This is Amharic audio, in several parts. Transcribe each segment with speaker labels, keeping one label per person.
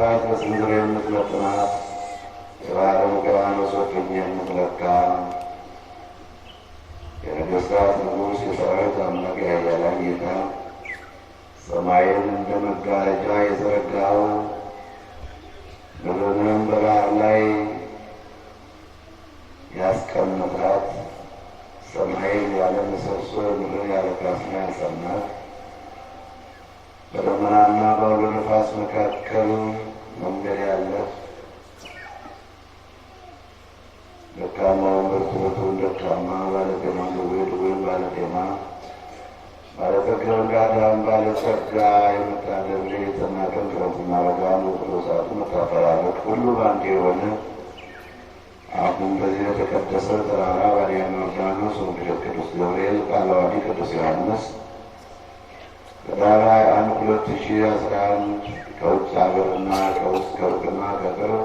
Speaker 1: ስብሐት በስንዝር የምትለጥናት ስብሐት በምክራን በሶቅኝ የምትለካ የነገሥታት ንጉሥ የሰራዊት አምላክ የኃያላን ጌታ ሰማይን እንደ መጋረጃ የዘረጋው ምድርንም በባህር ላይ ያስቀመጣት ሰማይን ያለ ምሰሶ ምድርን ያለ ካስማ ያጸናት በደመናና በአውሎ ነፋስ መካከል መንገድ ያለ ደካማውን በርትዖቱን ደካማ ባለጤማ ድዌ ወይም ባለጤማ ባለጠግብ ጋዳም ባለጸጋ የመታደግ የተናቀን ክረምትና በጋን በቅዱሳቱ መታፈራለት ሁሉ በአንድ የሆነ አሁን በዚህ በተቀደሰ ተራራ ባዲያና ዮርዳኖስ ወንጌለ ቅዱስ ገብርኤል ቃለ ቅዱስ ዮሐንስ ህዳር አንድ ሁለት ሺ አስራ አንድ ከውጭ ሀገርና ከውስጥ ከውቅና ከቅርብ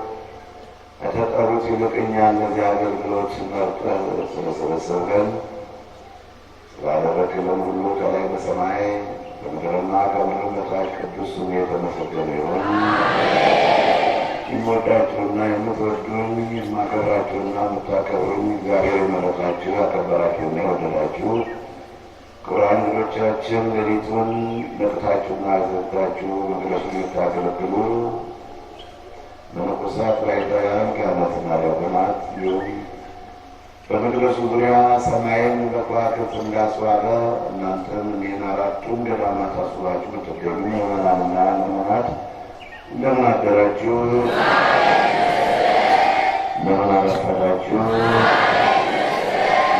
Speaker 1: ከተጠሩት ይልቅ እኛ እነዚህ አገልግሎት መርጠህ ስለሰበሰብከን ስላደረግልን ሁሉ ከላይ በሰማይ በምድርና ከምድር በታች ቅዱስ ስሙ የተመሰገነ ይሁን። የምወዳችሁና የምትወዱኝ የማከብራችሁና የምታከብሩኝ እግዚአብሔር መረጣችሁ፣ ያከበራችሁና የወደዳችሁ ክቡራን እንግዶቻችን ሌሊቱን መጥታችሁና ዘግታችሁ መድረሱን የምታገለግሉ መነኮሳት፣ ባሕታውያን፣ ካህናትና ዲያቆናት እንዲሁም በመድረሱ ዙሪያ ሰማይን በከዋክብት እንዳስዋበ እናንተም እኔን አራቱን ገዳማት አስባችሁ የምትገኙ ምዕመናንና ምዕመናት እንደምን አደራችሁ? እንደምን አረፈዳችሁ?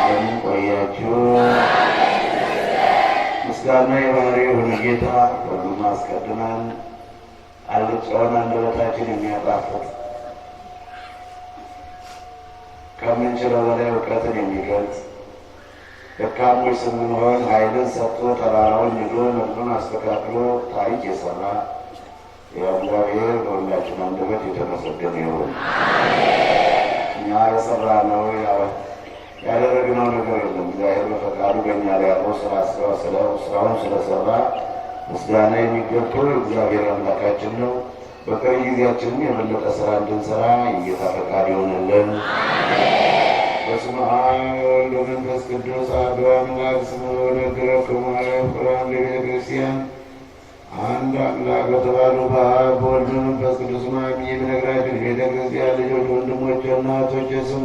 Speaker 1: እንደምን ቆያችሁ? ምስጋና የባህሪ የሆነ ጌታ ሁሉም አስቀድመን አልጽዮን አንደበታችን የሚያጣፍጥ ከምንችለው በላይ እውቀትን የሚገልጽ ደካሞች ስንሆን ኃይልን ሰጥቶ ተራራውን ንዶ መልኩን አስተካክሎ ታሪክ የሰራ የእግዚአብሔር በሁላችን አንደበት የተመሰገነ ይሁን። እኛ የሰራ ነው እግዚአብሔር በፈቃዱ በእኛ ላይ ያለው ስራ ስራውን ስለሰራ ምስጋና የሚገባው እግዚአብሔር አምላካችን ነው። በቀሪ ጊዜያችንም የበለጠ ስራ እንድንሰራ የጌታ ፈቃድ ይሆንልን። በስመ አብ ወመንፈስ ቅዱስ አሐዱ አምላክ ስሙ ነገረክሙ ቁራን ለቤተ ክርስቲያን አንድ አምላክ በተባሉ በአብ በወልድ መንፈስ ቅዱስ ማሚ የምነግራችሁ ቤተ ክርስቲያን ልጆች፣ ወንድሞች፣ እናቶች ስሙ።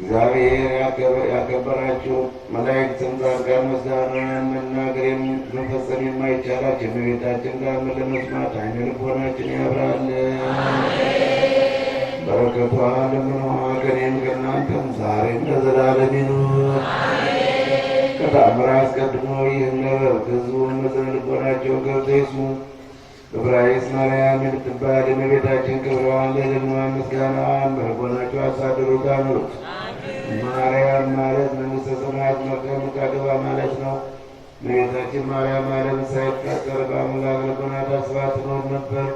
Speaker 1: እግዚአብሔር ያከበራችሁ መላእክትም ጋር ምስጋናን መናገር መፈጸም የማይቻላቸው የእመቤታችን ቃል ለመስማት ዓይነ ልቦናችን ያብራል። በረከቷ ለምኖ ከእኔም ከእናንተም ዛሬም ለዘላለም ይኑር። ከተአምር አስቀድሞ ይህን ነበር ህዝቡ በሥነ ልቦናቸው ገብቶ ይስሙ። ማርያም የምትባል የእመቤታችን ክብረዋን፣ ለልማ ምስጋናዋን በልቦናቸው አሳድሩ ጋኑት። ማርያም ማለት መንግሥተ ሰማያት መግቢያ መታገባ ማለት ነው። እመቤታችን ማርያም ማለት ሳይፈጠር በአምላክ ልቦና ታስባ ትኖር ነበር።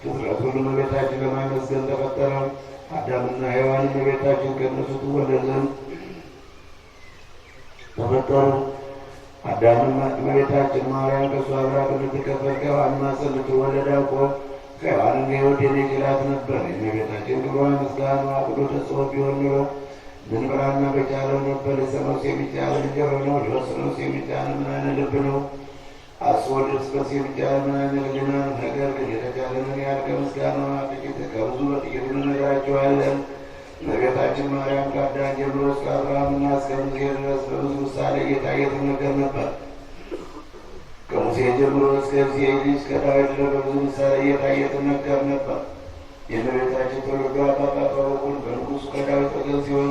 Speaker 1: ፍጥረት ሁሉ እመቤታችን ለማመስገን ተፈጠረ። አዳምና ሔዋን እመቤታችን ከእነሱ ትወለድ ዘንድ ተፈጠሩ። አዳምና እመቤታችን ማርያም ከእሱ አብራ ከምትከፈል ከሔዋን ማኅፀን ልትወለድ አውቆ ከሔዋን ሕይወት የኔ ይችላት ነበር። የእመቤታችን ክብሯ ምስጋናዋ አቅዶ ተጽፎ ቢሆን ኖሮ ልንበራና በቻለው ነበር። የጸሎት የሚቻለን ጆሮ ነው። ሊወስኖስ የሚቻለ ምን አይነት ልብ ነው? አስቦ ደስበስ የሚቻለ ምን አይነት ልብ ነው? ነገር ግን የተቻለንን ያህል ከምስጋና ጥቂት ከብዙ በጥቂት እንነግራችኋለን። ነገታችን ማርያም ጋዳን ጀምሮ እስከ አብርሃምና እስከ ሙሴ ድረስ በብዙ ምሳሌ ጌታ እየተነገረ ነበር። ከሙሴ ጀምሮ እስከ ጊዜ እስከ ዳዊት ድረስ በብዙ ምሳሌ ጌታ እየተነገረ ነበር። የእመቤታችን ትውልዷ አባቷ በበኩል በንጉሱ ከዳዊት ወገን ሲሆን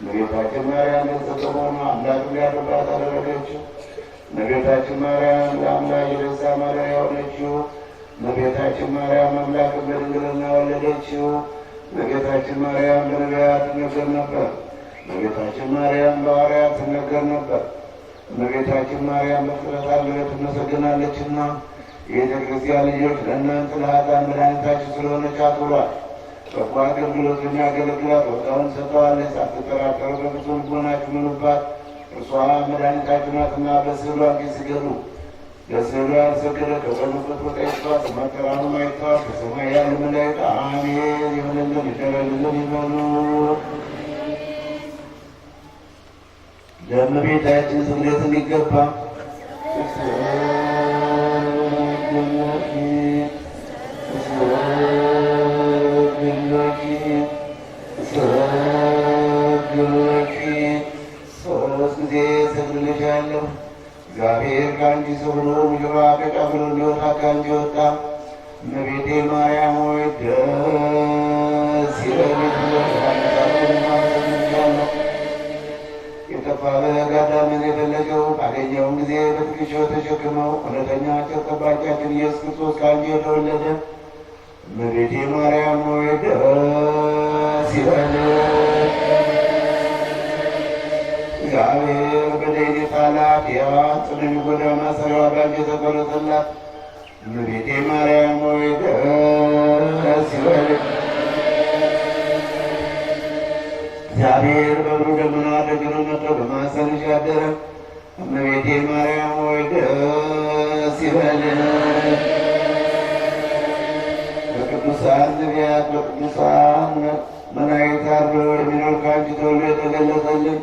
Speaker 1: እመቤታችን ማርያም የተሰጠመ አምላክ ያለባት አደረገችው። እመቤታችን ማርያም ለአምላክ የደስታ ማደሪያ የሆነችው እመቤታችን ማርያም አምላክ በድንግልና ወለደችው። እመቤታችን ማርያም በነቢያት ትነገር ነበር። እመቤታችን ማርያም በሐዋርያት ትነገር ነበር። እመቤታችን ማርያም በፍጥረት አንደበት ትመሰግናለችና የቤተ ክርስቲያን ልጆች ለእናንተ ለኃጥአን መድኃኒታችሁ ስለሆነች አክብሯት። በጎ አገልግሎት የሚያገለግላት ወጣውን ሰጠዋለች። ሳትጠራጠሩ በቅቶ ልቦናችሁ ምኑባት። እርሷ መድኃኒታችሁ ናትና በስዕሏ ፊት ለስዕሉ ለስዕሏ ያልሰገደ ከጸሎበት ቦታ ይጥፋት፣ መከራኑም አይተዋል። በሰማይ ያሉ መላእክት አሜን ይሁንልን ይደረግልን ይበሉ። ለእመቤታችን ስግደት እንዲገባ አመሰግንሻለሁ። እግዚአብሔር ከአንቺ ሰው ሆኖ ምዕራፍ ተቀብሎ እንዲወጣ ከአንቺ ወጣ። እመቤቴ ማርያም ሆይ ደስ ይበልሽ ብለሽ የጠፋ በግ የፈለገው ባገኘውን ጊዜ በትከሻው ተሸክመው እውነተኛ ጠባቂያችን ኢየሱስ ክርስቶስ ከአንቺ የተወለደ እመቤቴ ማርያም ሆይ ደስ ይበልሽ እግዚአብሔር በሌሊት ኃላት የዋስጥንን ጎዳና ሰራራጅ የተቆረጠላት እመቤቴ ማርያም ሆይ ደስ ይበልሽ። እግዚአብሔር በብሩ ደመና ደግኖ መጥቶ በማኅፀንሽ ያደረ እመቤቴ ማርያም ሆይ ደስ ይበልሽ። በቅዱሳን ነቢያት በቅዱሳን መላእክት አርበው የሚኖር ከአንቺ ተወልዶ የተገለጸልን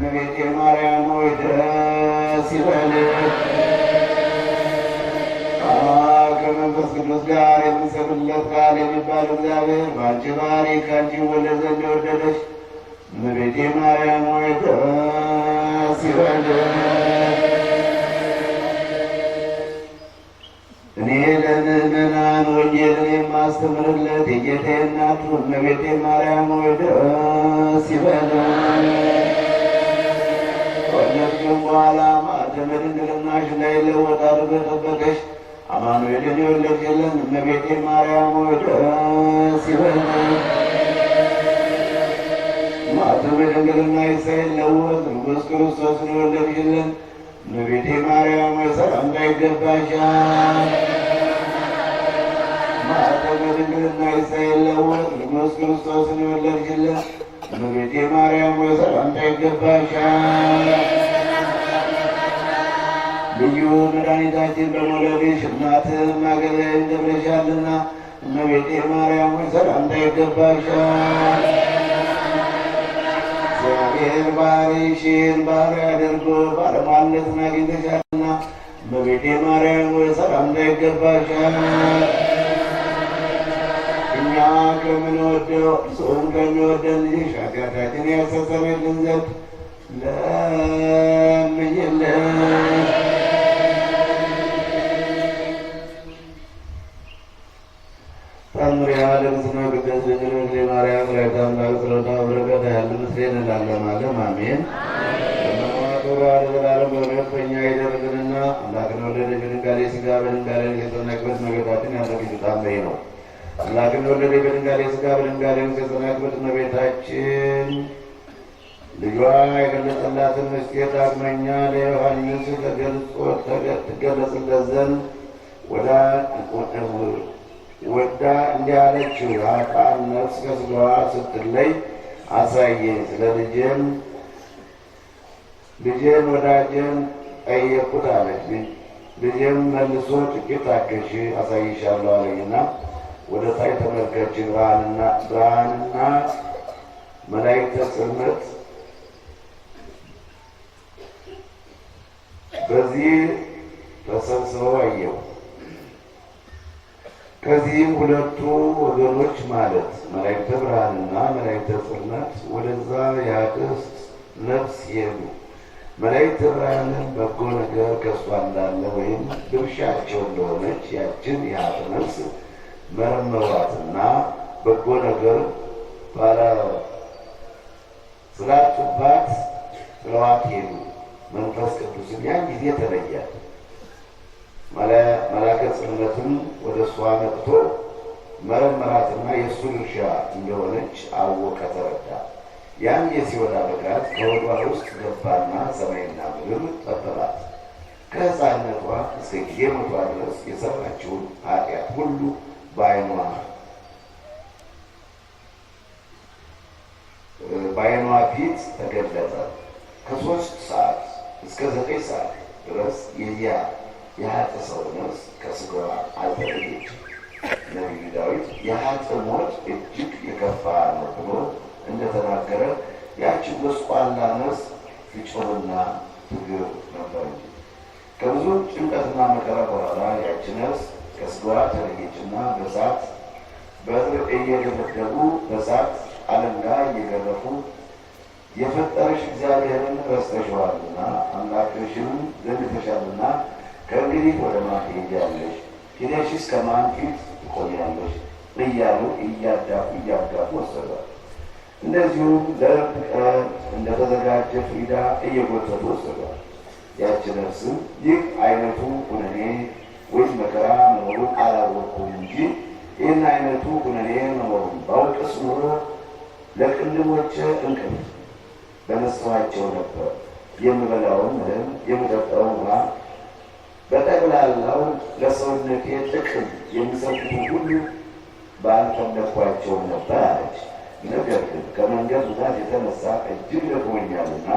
Speaker 1: እመቤቴ ማርያም ሆይ ድረስ ይበል። ከመንፈስ ቅዱስ ጋር የምንሰብለት ቃል የሚባል እግዚአብሔር በአንቺ ባህሪ ከአንቺ ወለድ ዘንድ የወደደች እመቤቴ ማርያም ሆይ ድረስ ይበል። እኔ ለምእመናን ወንጌልን የማስተምርለት የጌቴ እናቱ እመቤቴ ማርያም ሆይ ድረስ ይበል። ከወለድሽም በኋላ ማኅተመ ድንግልናሽ እንዳይለወጥ አድርጎ የጠበቀሽ አማኑኤልን የወለድሽልን እመቤቴ ማርያም ሆይ ደስ ይበለን። ማኅተመ ድንግልናሽ ሳይለወጥ ንጉሥ ክርስቶስን የወለድሽልን እመቤቴ ማርያም ሆይ ሰላምታ ይገባሻል። ማኅተመ ድንግልናሽ ሳይለወጥ ንጉሥ ክርስቶስን የወለድሽልን እመቤቴ ማርያም ሆይ ሰላምታ ይገባሻል። ልዩ መድኃኒታችን በሞለቤት እናትም አገልጋይም ተብለሻልና እመቤቴ ማርያም ሆይ ሰላምታ ይገባሻል። እግዚአብሔር ባህሪሽን ባህሪ አድርጎ ባለሟልነትን አግኝተሻልና እመቤቴ ማርያም ሆይ ሰላምታ ይገባሻል። አምላክ ለምንወደው እሱም ከሚወደን ይህ ኃጢአታችን ያስተሰርይልን ዘንድ ለምኝልን። ታምሪያ ለምስና ቅዱስ ድንግል ማርያም ወላዲተ አምላክ ጸሎታ በረከታ ያለ ምስሌን ላለማለም አሜን። ዘላለም በረከት በእኛ ይደርብንና አምላክን ወለደ ድንጋሌ ስጋ በድንጋሌ ጌቶና ክበት ያደረግ ያለ ጣም ነው አምላክም ወለደ በድንጋሌ ሥጋ በድንጋሌ ገጽናት ቤታችን ልጇ የገለጸላትን ምስጢር ዳግመኛ ለዮሐንስ ተገልጾ ትገለጽለት ዘንድ ወዳ እንዲህ አለችው፣ የኃጥአን ነፍስ ከሥጋዋ ስትለይ አሳየኝ። ስለ ልጄም ልጄን ወዳጄን ጠየቁት አለች። ልጄም መልሶ ጥቂት አገሽ አሳይሻለሁ አለኝና ወደ ታይ ተመልከች ብርሃንና ብርሃንና መላእክተ ጽልመት በዚህ ተሰብስበው አየው። ከዚህም ሁለቱ ወገኖች ማለት መላእክተ ብርሃንና መላእክተ ጽልመት ወደዛ የአቅስት ነፍስ ይሄዱ። መላእክተ ብርሃንን በጎ ነገር ከእሷ እንዳለ ወይም ድርሻቸው እንደሆነች ያችን የሀጥ ነፍስ መመዋትና በጎ ነገር ስላጡባት ሄዱ መንፈስ ቅዱስን ያን ጊዜ ተለያል። መላከ ጽልመትም ወደ እሷ መጥቶ መረመራትና የእሱ ድርሻ እንደሆነች አወቀ፣ ተረዳ። ያን የሲወዳ በጋት ከወዷ ውስጥ ገባና ሰማይና ምድር ጠበባት። ከሕፃንነቷ እስከ ጊዜ ሞቷ ድረስ የሰራችውን ኃጢአት ሁሉ በአይኗ በአይኗ ፊት ተገለጠ። ከሶስት ሰዓት እስከ ዘጠኝ ሰዓት ድረስ የዚያ የሀጥ ሰው ነፍስ ከስጋዋ አልተለየች። ነቢዩ ዳዊት የሀጥ ሞት እጅግ የከፋ ነው ብሎ እንደተናገረ ያችን ጎስቋላ ነፍስ ፍጭርና ትግር ነበር እንጂ ከብዙ ጭንቀትና መከራ በኋላ ያቺ ነፍስ ከስጋዋ ተለየችና በሳት በእግር እየደበደቡ በሳት አለንጋ እየገረፉ የፈጠረሽ እግዚአብሔርን ረስተሸዋልና አምላክሽን ዘንተሻልና ከእንግዲህ ወደ ማን ትሄጃለሽ? ሂደሽስ ከማን ፊት ትቆያለሽ? እያሉ እያዳፉ እያዳፉ ወሰዷል። እንደዚሁም ለእርድ ቀን እንደተዘጋጀ ፍሪዳ እየጎተቱ ወሰዷል። ያችን ነፍስም ይህ አይነቱ ሁነኔ ወይም መከራ መኖሩን አላወቅኩም እንጂ ይህን አይነቱ ኩነኔ መኖሩን ባውቅስ ኖሮ ለቅንድቦች እንቅልፍ በመስተዋቸው ነበር። የምበላውን እህል፣ የምጠጣውን ውሃ በጠቅላላው ለሰውነቴ ጥቅም የሚሰጡት ሁሉ ባልፈለኳቸውም ነበር አለች። ነገር ግን ከመንገድ ብዛት የተነሳ እጅግ ደክሞኛልና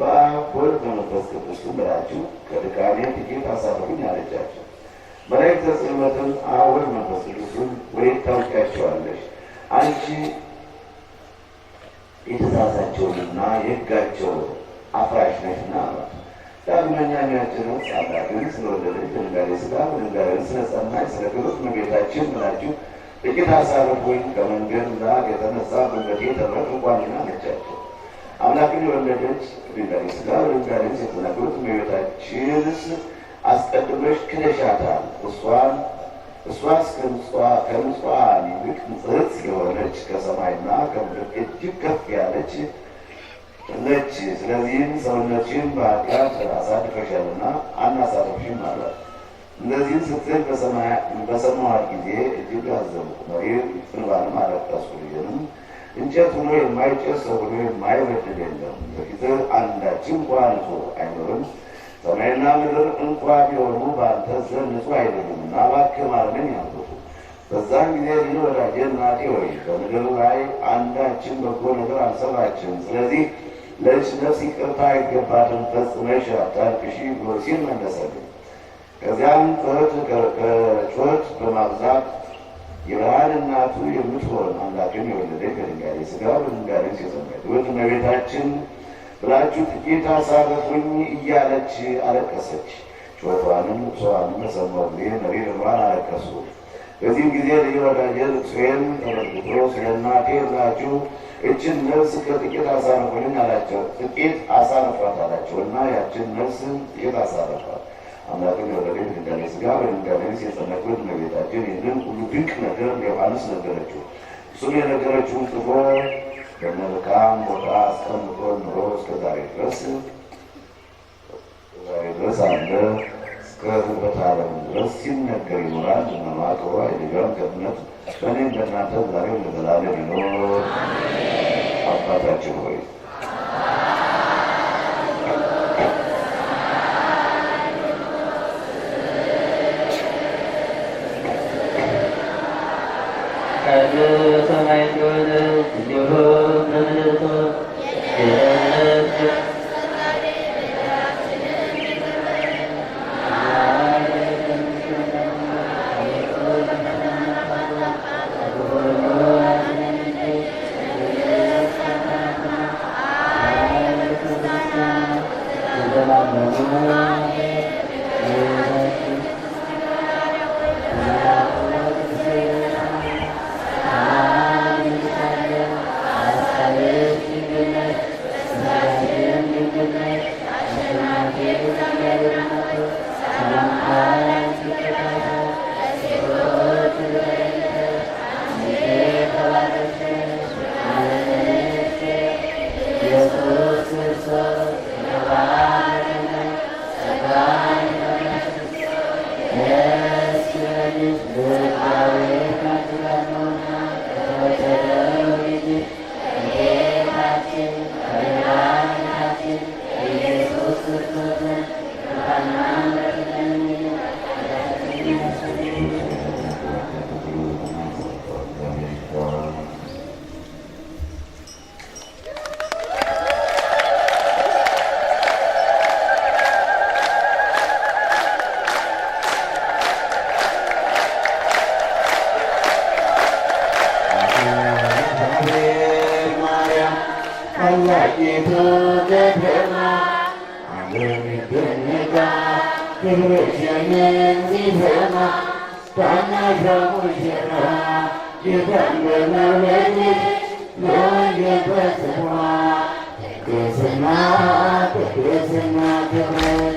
Speaker 1: በአብ በወልድ በመንፈስ ቅዱስ ብላችሁ ከድካሜ ጥቂት አሳርፉኝ አለቻቸው። መላእክተ ጽልመትን አወል መንፈስ ቅዱስን ወዴት ታውቂያቸዋለሽ? አንቺ የትእዛዛቸውንና የሕጋቸውን አፍራሽ ነሽና አሏት። ዳግመኛ ሚያችን ጻዳ ስለወለደች ድንጋሌ ስጋ ድንጋሌ ስለጸናች ስለ ክብርት መጌታችን ብላችሁ ጥቂት አሳልፍ ከመንገድ ራቅ የተነሳ መንገድ የተረፍ እንኳንና ነቻቸው አምላክን የወለደች ድንጋሌ ስጋ ድንጋሌ ሴትና ክብርት መጌታችንስ አስቀድመሽ ክደሻታል። እሷን እሷስ ከምጽዋ ይልቅ ንጽሕት የሆነች ከሰማይና ከምድር እጅግ ከፍ ያለች ነች። ስለዚህም ሰውነትሽን በኃጢአት አሳድፈሻልና አናሳርፍሽም አላት። እንደዚህም ስትል በሰማኋት ጊዜ እጅግ አዘንኩ፣ መሪር ጽንባንም አለቀሱ። ልጅንም እንጨት ሆኖ የማይጨስ ሰው ሆኖ የማይበድል የለም፣ በፊት አንዳችን እንኳን አይኖርም ሰማይና ምድር እንኳ ቢሆኑ በአንተ ዘንድ ንጹሕ አይደሉም። አባክህ ማረን ያልኩት በዛን ጊዜ ልጅ ወዳጄ እናቴ ሆይ በምድር ላይ አንዳችን በጎ ነገር አልሰራችም። ስለዚህ ለልጅ ነፍስ ይቅርታ አይገባትም፣ ፈጽመሽ አታልቅሺ ብሎ ሲል መለሰልኝ። ከዚያም ከጩኸት በማብዛት የብርሃን እናቱ የምትሆን አምላክን የወለደ ከድንጋሌ ስጋ በድንጋሌ ሲሰመድ ውድ እመቤታችን ብላችሁ ጌታ ሳረፉኝ እያለች አለቀሰች። ጮቷንም ልቅሷንም በሰማሁ ጊዜ ነቢዩ ዕምሯን አለቀሱ። በዚህም ጊዜ ልጅ ወዳጄ ልቅሶዬን ተመልክቶ ስለ እናቴ ብላችሁ እችን ነፍስ ከጥቂት አሳርፉልኝ አላቸው። ጥቂት አሳረፏት አላቸው እና ያችን ነፍስ ጥቂት አሳረፏት። አምላክም የወለደች ድንጋሌ ስጋ በድንጋሌ ነፍስ የጸነኩት እመቤታችን ይህንን ሁሉ ድንቅ ነገር ለዮሐንስ ነገረችው። እሱም የነገረችውን ጽፎ ከመልካም ቦታ አስቀምጦ ኑሮ እስከ ዛሬ ድረስ ዛሬ ድረስ አለ እስከ ሕልፈተ ዓለም ድረስ ሲነገር ይኖራል። መማቶ አይደጋም ከእምነት በእኔ በእናንተ ዛሬ ለዘላለም ይኖር። አባታችን ሆይ ሰማይ ወደ ሊሆን Yeah. التي توجدهما عليم بالنجاة تهرش منزلهما تنجم الشراء جذب مولده يوجد سوى تكسنا تكسنا تغير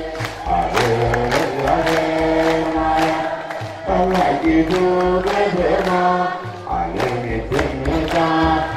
Speaker 1: عليم الغير مايا التي توجدهما عليم بالنجاة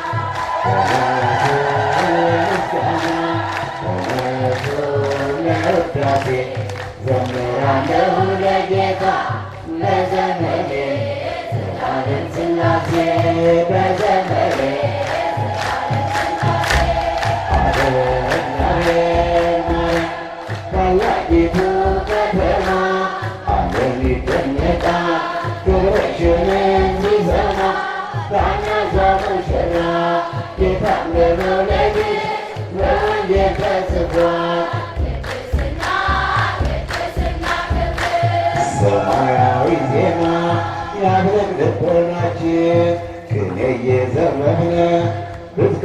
Speaker 1: ዘምራለሁ ለጌታ በዘመኔ ስላሴ በዘመኔ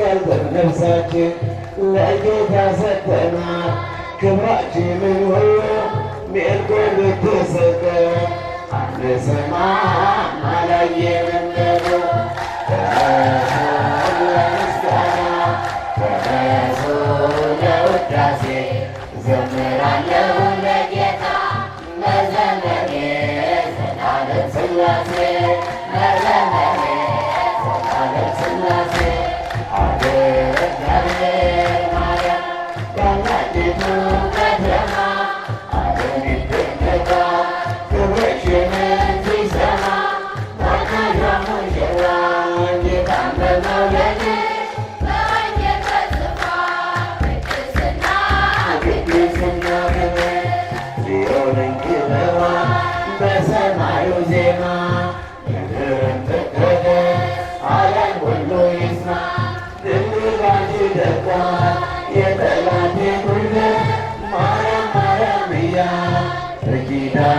Speaker 1: ገንዘብ ነፍሳችን ለጌታ ሰጥተናል። ክብራችንን ሁሉ ሚልጎ ልትሰጠ አንሰማም አላየንም ለምስጋና ተነሱ ለውዳሴ ዘምራለሁ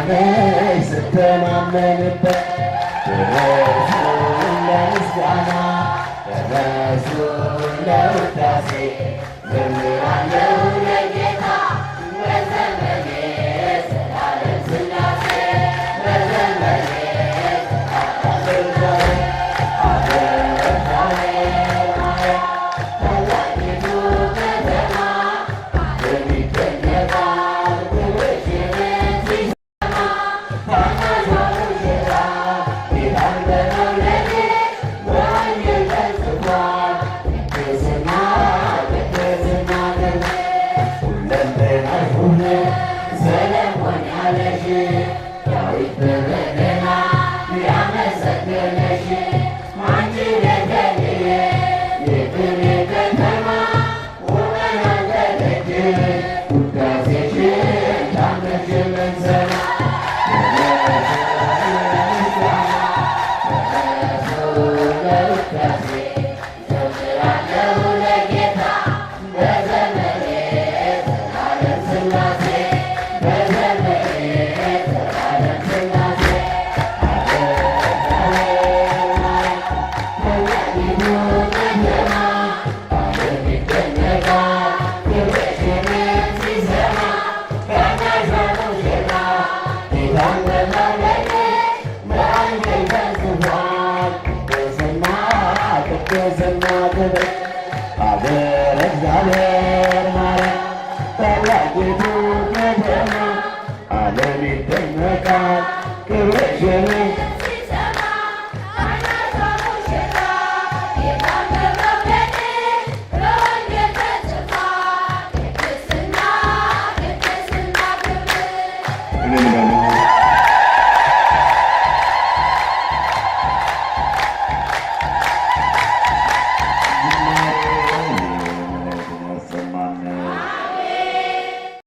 Speaker 1: ላይ ስተማመንበት ለምስጋና ለመሱ ለውዳሴ ዘምራለሁ